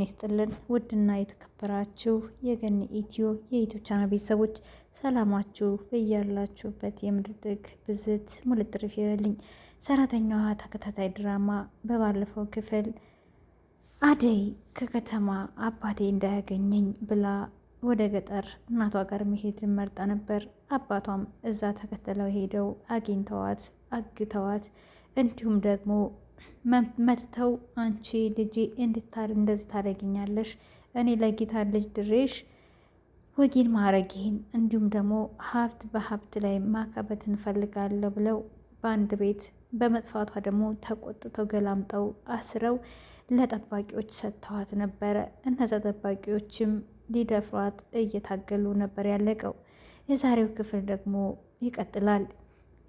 ጤና ይስጥልን ውድና የተከበራችሁ የገን ኢትዮ የኢትዮ ቻናል ቤተሰቦች ሰላማችሁ በያላችሁበት የምድር ጥግ ብዝት ሙልጥርፍ ይበልኝ። ሰራተኛዋ ተከታታይ ድራማ በባለፈው ክፍል አደይ ከከተማ አባቴ እንዳያገኘኝ ብላ ወደ ገጠር እናቷ ጋር መሄድ መርጣ ነበር። አባቷም እዛ ተከተለው ሄደው አግኝተዋት አግተዋት እንዲሁም ደግሞ መጥተው አንቺ ልጄ እንድታር እንደዚህ ታደርጊኛለሽ እኔ ለጌታ ልጅ ድሬሽ ወጌን ማረግህን እንዲሁም ደግሞ ሀብት በሀብት ላይ ማካበት እንፈልጋለሁ ብለው በአንድ ቤት በመጥፋቷ ደግሞ ተቆጥተው ገላምጠው አስረው ለጠባቂዎች ሰጥተዋት ነበረ። እነዛ ጠባቂዎችም ሊደፍሯት እየታገሉ ነበር። ያለቀው የዛሬው ክፍል ደግሞ ይቀጥላል።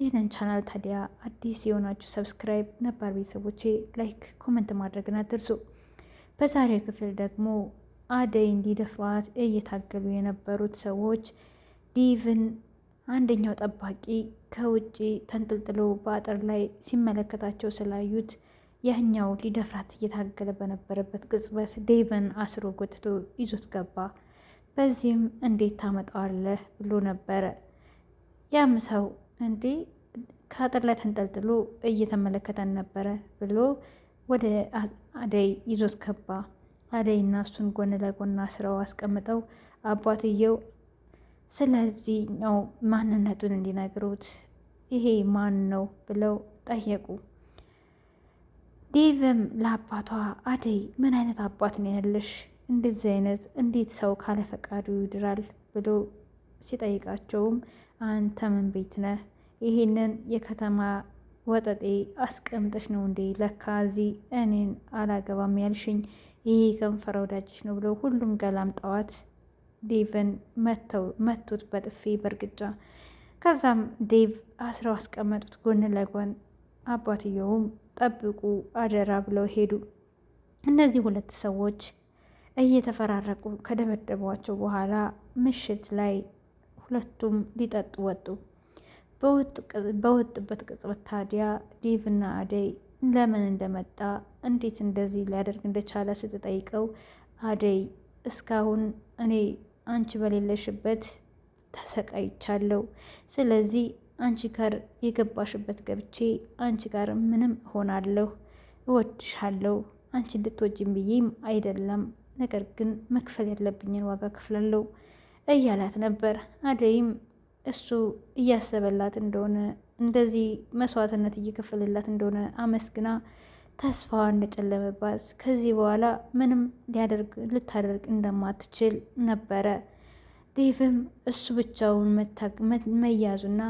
ይህንን ቻናል ታዲያ አዲስ የሆናችሁ ሰብስክራይብ፣ ነባር ቤተሰቦቼ ላይክ፣ ኮመንት ማድረግን አትርሱ። በዛሬው ክፍል ደግሞ አደይ እንዲደፍሯት እየታገሉ የነበሩት ሰዎች ዲቭን አንደኛው ጠባቂ ከውጭ ተንጠልጥሎ በአጥር ላይ ሲመለከታቸው ስላዩት ያኛው ሊደፍራት እየታገለ በነበረበት ቅጽበት ዴቨን አስሮ ጎትቶ ይዞት ገባ። በዚህም እንዴት ታመጣዋለህ ብሎ ነበረ ያም ሰው እንዴ ከአጥር ላይ ተንጠልጥሎ እየተመለከተን ነበረ ብሎ ወደ አደይ ይዞት ገባ። እና እሱን ጎን ለጎን አስረው አስቀምጠው አባትየው ስለዚህ ነው ማንነቱን እንዲነግሩት ይሄ ማን ነው ብለው ጠየቁ። ዴቭም ለአባቷ አደይ ምን አይነት አባት ነው ያለሽ? እንደዚህ አይነት እንዴት ሰው ካለ ፈቃዱ ይድራል ብሎ ሲጠይቃቸውም አንተ ምን ቤት ነህ ይህንን የከተማ ወጠጤ አስቀምጠሽ ነው እንዴ? ለካ እዚህ እኔን አላገባም ያልሽኝ ይህ ከንፈረ ወዳጅሽ ነው ብለው ሁሉም ገላም ጠዋት ዴቭን መቱት በጥፊ በእርግጫ። ከዛም ዴቭ አስረው አስቀመጡት ጎን ለጎን። አባትየውም ጠብቁ አደራ ብለው ሄዱ። እነዚህ ሁለት ሰዎች እየተፈራረቁ ከደበደቧቸው በኋላ ምሽት ላይ ሁለቱም ሊጠጡ ወጡ። በወጡበት ቅጽበት ታዲያ ዴቭና አደይ ለምን እንደመጣ እንዴት እንደዚህ ሊያደርግ እንደቻለ ስትጠይቀው አደይ እስካሁን እኔ አንቺ በሌለሽበት ተሰቃይቻለሁ። ስለዚህ አንቺ ጋር የገባሽበት ገብቼ አንቺ ጋር ምንም እሆናለሁ፣ እወድሻለሁ። አንቺ እንድትወጂም ብዬም አይደለም፣ ነገር ግን መክፈል ያለብኝን ዋጋ ክፍላለሁ እያላት ነበር አደይም እሱ እያሰበላት እንደሆነ እንደዚህ መስዋዕትነት እየከፈለላት እንደሆነ አመስግና ተስፋዋ እንደጨለመባት ከዚህ በኋላ ምንም ሊያደርግ ልታደርግ እንደማትችል ነበረ። ዴቭም እሱ ብቻውን መያዙና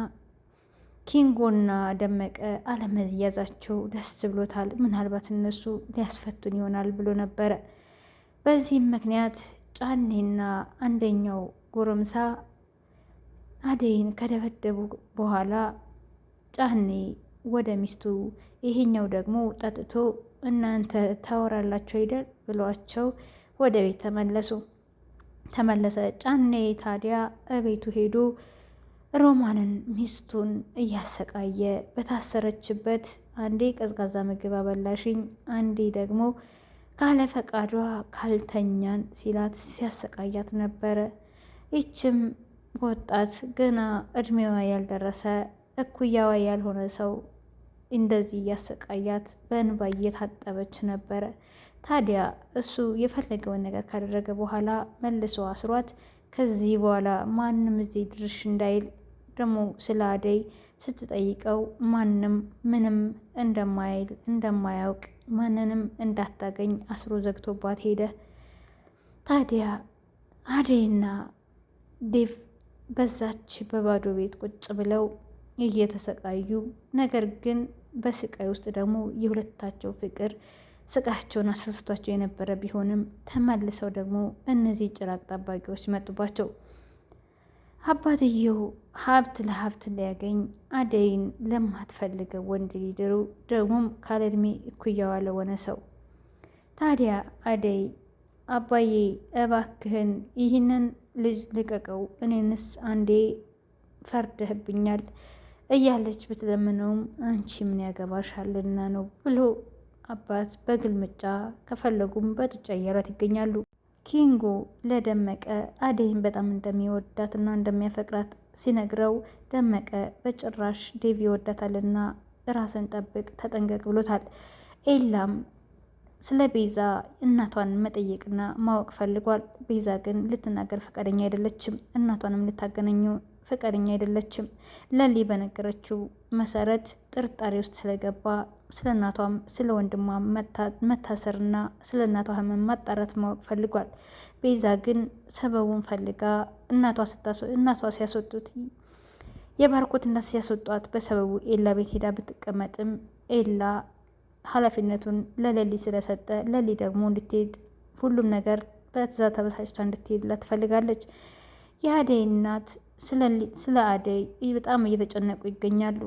ኪንጎና ደመቀ አለመያዛቸው ደስ ብሎታል። ምናልባት እነሱ ሊያስፈቱን ይሆናል ብሎ ነበረ። በዚህም ምክንያት ጫኔና አንደኛው ጎረምሳ አደይን ከደበደቡ በኋላ ጫኔ ወደ ሚስቱ ይሄኛው ደግሞ ጠጥቶ እናንተ ታወራላችሁ አይደል ብሏቸው ወደ ቤት ተመለሱ ተመለሰ። ጫኔ ታዲያ እቤቱ ሄዶ ሮማንን ሚስቱን እያሰቃየ በታሰረችበት አንዴ ቀዝቃዛ ምግብ አበላሽኝ፣ አንዴ ደግሞ ካለ ፈቃዷ ካልተኛን ሲላት ሲያሰቃያት ነበረ። ይችም ወጣት ገና እድሜዋ ያልደረሰ እኩያዋ ያልሆነ ሰው እንደዚህ እያሰቃያት በእንባ እየታጠበች ነበረ። ታዲያ እሱ የፈለገውን ነገር ካደረገ በኋላ መልሶ አስሯት፣ ከዚህ በኋላ ማንም እዚህ ድርሽ እንዳይል ደግሞ ስለ አደይ ስትጠይቀው ማንም ምንም እንደማይል እንደማያውቅ ማንንም እንዳታገኝ አስሮ ዘግቶባት ሄደ። ታዲያ አደይና ዴቭ በዛች በባዶ ቤት ቁጭ ብለው እየተሰቃዩ ነገር ግን በስቃይ ውስጥ ደግሞ የሁለታቸው ፍቅር ስቃያቸውን አሳስቷቸው የነበረ ቢሆንም ተመልሰው ደግሞ እነዚህ ጭራቅ ጠባቂዎች መጡባቸው። አባትየው ሀብት ለሀብት ሊያገኝ አደይን ለማትፈልገው ወንድ ሊድሩ ደግሞም ካለ እድሜ እኩያዋ ለሆነ ሰው ታዲያ አደይ አባዬ እባክህን ይህንን ልጅ ልቀቀው፣ እኔንስ አንዴ ፈርደህብኛል እያለች ብትለምነውም አንቺ ምን ያገባሻልና ነው ብሎ አባት በግልምጫ ከፈለጉም በጡጫ እያሏት ይገኛሉ። ኪንጎ ለደመቀ አደይን በጣም እንደሚወዳትና እንደሚያፈቅራት ሲነግረው ደመቀ በጭራሽ ዴቪ ይወዳታልና ራስን ጠብቅ፣ ተጠንቀቅ ብሎታል። ኤላም ስለ ቤዛ እናቷን መጠየቅና ማወቅ ፈልጓል። ቤዛ ግን ልትናገር ፈቃደኛ አይደለችም። እናቷንም ልታገናኘው ፈቃደኛ አይደለችም። ለሊ በነገረችው መሰረት ጥርጣሬ ውስጥ ስለገባ ስለ እናቷም ስለ ወንድሟ መታሰርና ስለ እናቷ ሕመም ማጣራት ማወቅ ፈልጓል። ቤዛ ግን ሰበቡን ፈልጋ እናቷ ሲያስወጡት የባርኮት እናት ሲያስወጧት በሰበቡ ኤላ ቤት ሄዳ ብትቀመጥም ኤላ ኃላፊነቱን ለሌሊ ስለሰጠ ለሊ ደግሞ እንድትሄድ ሁሉም ነገር በትዛ ተበሳጭታ እንድትሄድላት ትፈልጋለች። የአደይ እናት ስለ አደይ በጣም እየተጨነቁ ይገኛሉ።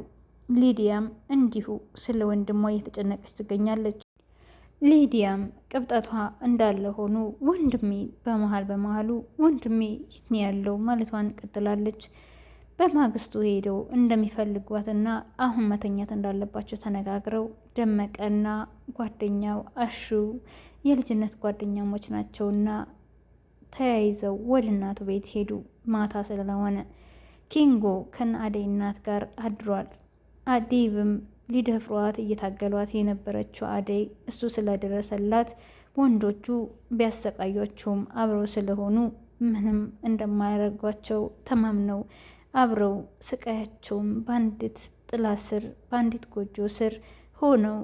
ሊዲያም እንዲሁ ስለ ወንድሟ እየተጨነቀች ትገኛለች። ሊዲያም ቅብጠቷ እንዳለ ሆኖ ወንድሜ በመሀል በመሀሉ ወንድሜ የት ነው ያለው ማለቷን ቀጥላለች። በማግስቱ ሄደው እንደሚፈልጓትና አሁን መተኛት እንዳለባቸው ተነጋግረው ደመቀና ጓደኛው አሹ የልጅነት ጓደኛሞች ናቸውና ተያይዘው ወደ እናቱ ቤት ሄዱ። ማታ ስለሆነ ኪንጎ ከነ አደይ እናት ጋር አድሯል። አዲብም ሊደፍሯት እየታገሏት የነበረችው አደይ እሱ ስለደረሰላት ወንዶቹ ቢያሰቃያቸውም አብረው ስለሆኑ ምንም እንደማያደርጓቸው ተማምነው አብረው ስቃያቸውም በአንዲት ጥላ ስር በአንዲት ጎጆ ስር ሆነው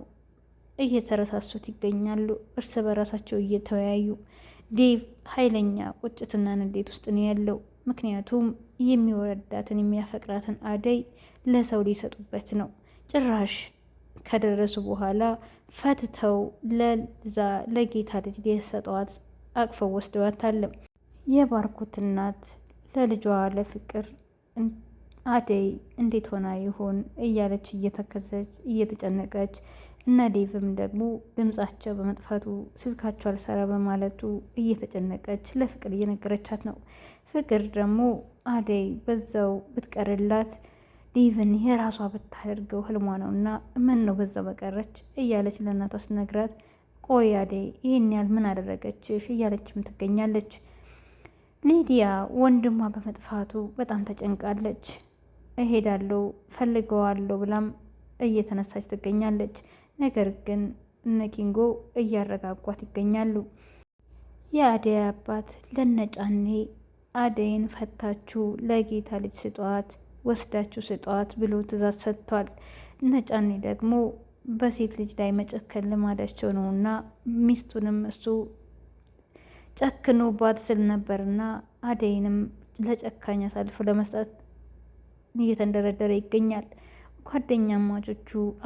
እየተረሳሱት ይገኛሉ። እርስ በራሳቸው እየተወያዩ ዴቭ ኃይለኛ ቁጭትና ንዴት ውስጥ ነው ያለው። ምክንያቱም የሚወዳትን የሚያፈቅራትን አደይ ለሰው ሊሰጡበት ነው። ጭራሽ ከደረሱ በኋላ ፈትተው ለዛ ለጌታ ልጅ ሊሰጠዋት አቅፈው ወስደዋታለም። የባርኮት እናት ለልጇ ለፍቅር አደይ እንዴት ሆና ይሆን እያለች እየተከዘች እየተጨነቀች እና ዴቭም ደግሞ ድምጻቸው በመጥፋቱ ስልካቸው አልሰራ በማለቱ እየተጨነቀች ለፍቅር እየነገረቻት ነው። ፍቅር ደግሞ አደይ በዛው ብትቀርላት ዴቭን የራሷ ብታደርገው ህልሟ ነው እና ምን ነው በዛው በቀረች እያለች ለእናቷ ስነግራት፣ ቆይ አደይ ይህን ያህል ምን አደረገችሽ እያለችም ትገኛለች። ሊዲያ ወንድሟ በመጥፋቱ በጣም ተጨንቃለች። እሄዳለሁ ፈልገዋለሁ ብላም እየተነሳች ትገኛለች። ነገር ግን እነ ኪንጎ እያረጋጓት ይገኛሉ። የአደይ አባት ለነጫኔ አደይን ፈታችሁ ለጌታ ልጅ ስጠዋት ወስዳችሁ ስጠዋት ብሎ ትእዛዝ ሰጥቷል። ነጫኔ ደግሞ በሴት ልጅ ላይ መጨከል ልማዳቸው ነውና ሚስቱንም እሱ ጨክኖባት ስል ነበርና አደይንም ለጨካኝ አሳልፎ ለመስጠት እየተንደረደረ ይገኛል። ጓደኛ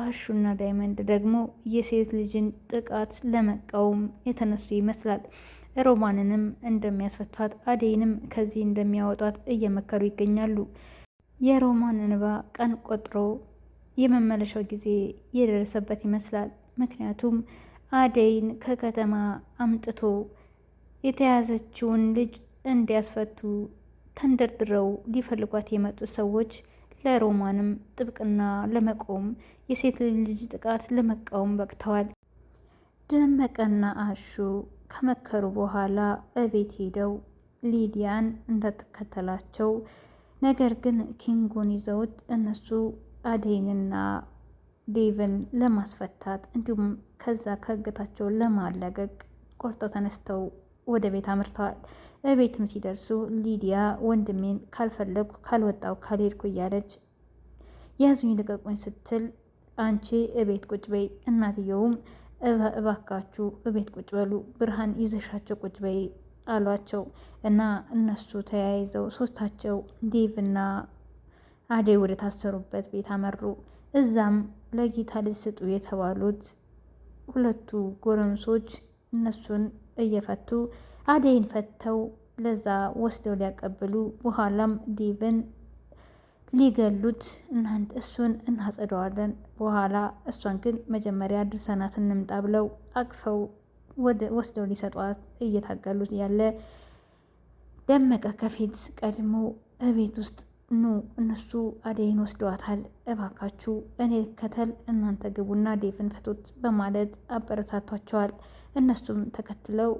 አሹና ዳይመንድ ደግሞ የሴት ልጅን ጥቃት ለመቃወም የተነሱ ይመስላል። ሮማንንም እንደሚያስፈቷት አደይንም ከዚህ እንደሚያወጧት እየመከሩ ይገኛሉ። የሮማን እንባ ቀን ቆጥሮ የመመለሻው ጊዜ የደረሰበት ይመስላል። ምክንያቱም አደይን ከከተማ አምጥቶ የተያዘችውን ልጅ እንዲያስፈቱ ተንደርድረው ሊፈልጓት የመጡት ሰዎች ለሮማንም ጥብቅና ለመቆም የሴት ልጅ ጥቃት ለመቃወም በቅተዋል። ደመቀና አሹ ከመከሩ በኋላ እቤት ሄደው ሊዲያን እንዳትከተላቸው ነገር ግን ኪንጎን ይዘውት እነሱ አደይንና ዴቭን ለማስፈታት እንዲሁም ከዛ ከእገታቸው ለማለቀቅ ቆርጠው ተነስተው ወደ ቤት አምርተዋል። እቤትም ሲደርሱ ሊዲያ ወንድሜን ካልፈለግኩ ካልወጣው ካልሄድኩ እያለች ያዙኝ ልቀቁኝ ስትል አንቺ እቤት ቁጭ በይ፣ እናትየውም እባካችሁ እቤት ቁጭ በሉ፣ ብርሃን ይዘሻቸው ቁጭ በይ አሏቸው እና እነሱ ተያይዘው ሶስታቸው ዴቭ እና አደይ ወደ ታሰሩበት ቤት አመሩ። እዛም ለጌታ ልጅ ስጡ የተባሉት ሁለቱ ጎረምሶች እነሱን እየፈቱ አደይን ፈተው ለዛ ወስደው ሊያቀብሉ በኋላም ዲብን ሊገሉት እናንተ እሱን እናጸደዋለን በኋላ እሷን ግን መጀመሪያ ድርሰናት እንምጣ ብለው አቅፈው ወስደው ሊሰጧት እየታገሉት ያለ ደመቀ ከፊት ቀድሞ እቤት ውስጥ ኑ እነሱ አደይን ወስደዋታል፣ እባካችሁ እኔ ልከተል፣ እናንተ ግቡና ዴቭን ፈቱት በማለት አበረታቷቸዋል። እነሱም ተከትለው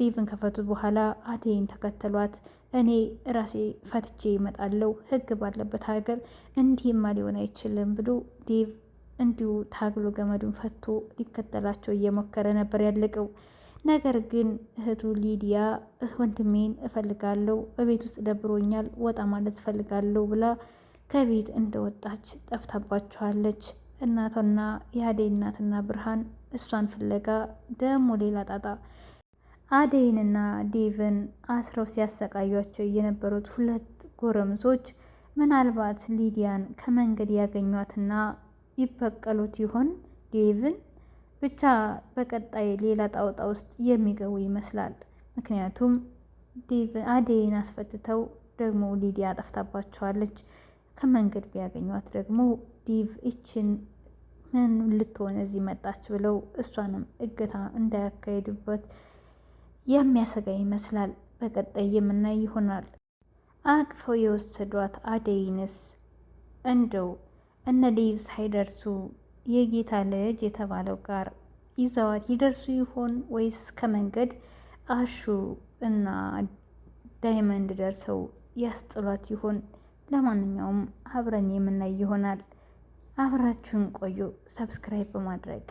ዴቭን ከፈቱት በኋላ አደይን ተከተሏት። እኔ ራሴ ፈትቼ ይመጣለው፣ ህግ ባለበት ሀገር እንዲህማ ሊሆን አይችልም ብሎ ዴቭ እንዲሁ ታግሎ ገመዱን ፈቶ ሊከተላቸው እየሞከረ ነበር ያለቀው። ነገር ግን እህቱ ሊዲያ ወንድሜን እፈልጋለሁ፣ እቤት ውስጥ ደብሮኛል፣ ወጣ ማለት እፈልጋለሁ ብላ ከቤት እንደወጣች ጠፍታባቸዋለች። እናቷና የአደይ እናትና ብርሃን እሷን ፍለጋ ደሞ ሌላ ጣጣ። አደይንና ዴቭን አስረው ሲያሰቃያቸው የነበሩት ሁለት ጎረምሶች ምናልባት ሊዲያን ከመንገድ ያገኟትና ይበቀሉት ይሆን ዴቭን? ብቻ በቀጣይ ሌላ ጣውጣ ውስጥ የሚገቡ ይመስላል። ምክንያቱም አደይን አስፈትተው ደግሞ ሊዲያ አጠፍታባቸዋለች። ከመንገድ ቢያገኟት ደግሞ ዲቭ ይችን ምን ልትሆን እዚህ መጣች ብለው እሷንም እገታ እንዳያካሄዱበት የሚያሰጋ ይመስላል። በቀጣይ የምናይ ይሆናል። አቅፈው የወሰዷት አደይንስ እንደው እነ ሊቭ ሳይደርሱ የጌታ ልጅ የተባለው ጋር ይዘዋል ይደርሱ ይሆን ወይስ ከመንገድ አሹ እና ዳይመንድ ደርሰው ያስጥሏት ይሆን? ለማንኛውም አብረን የምናይ ይሆናል። አብራችሁን ቆዩ። ሰብስክራይብ በማድረግ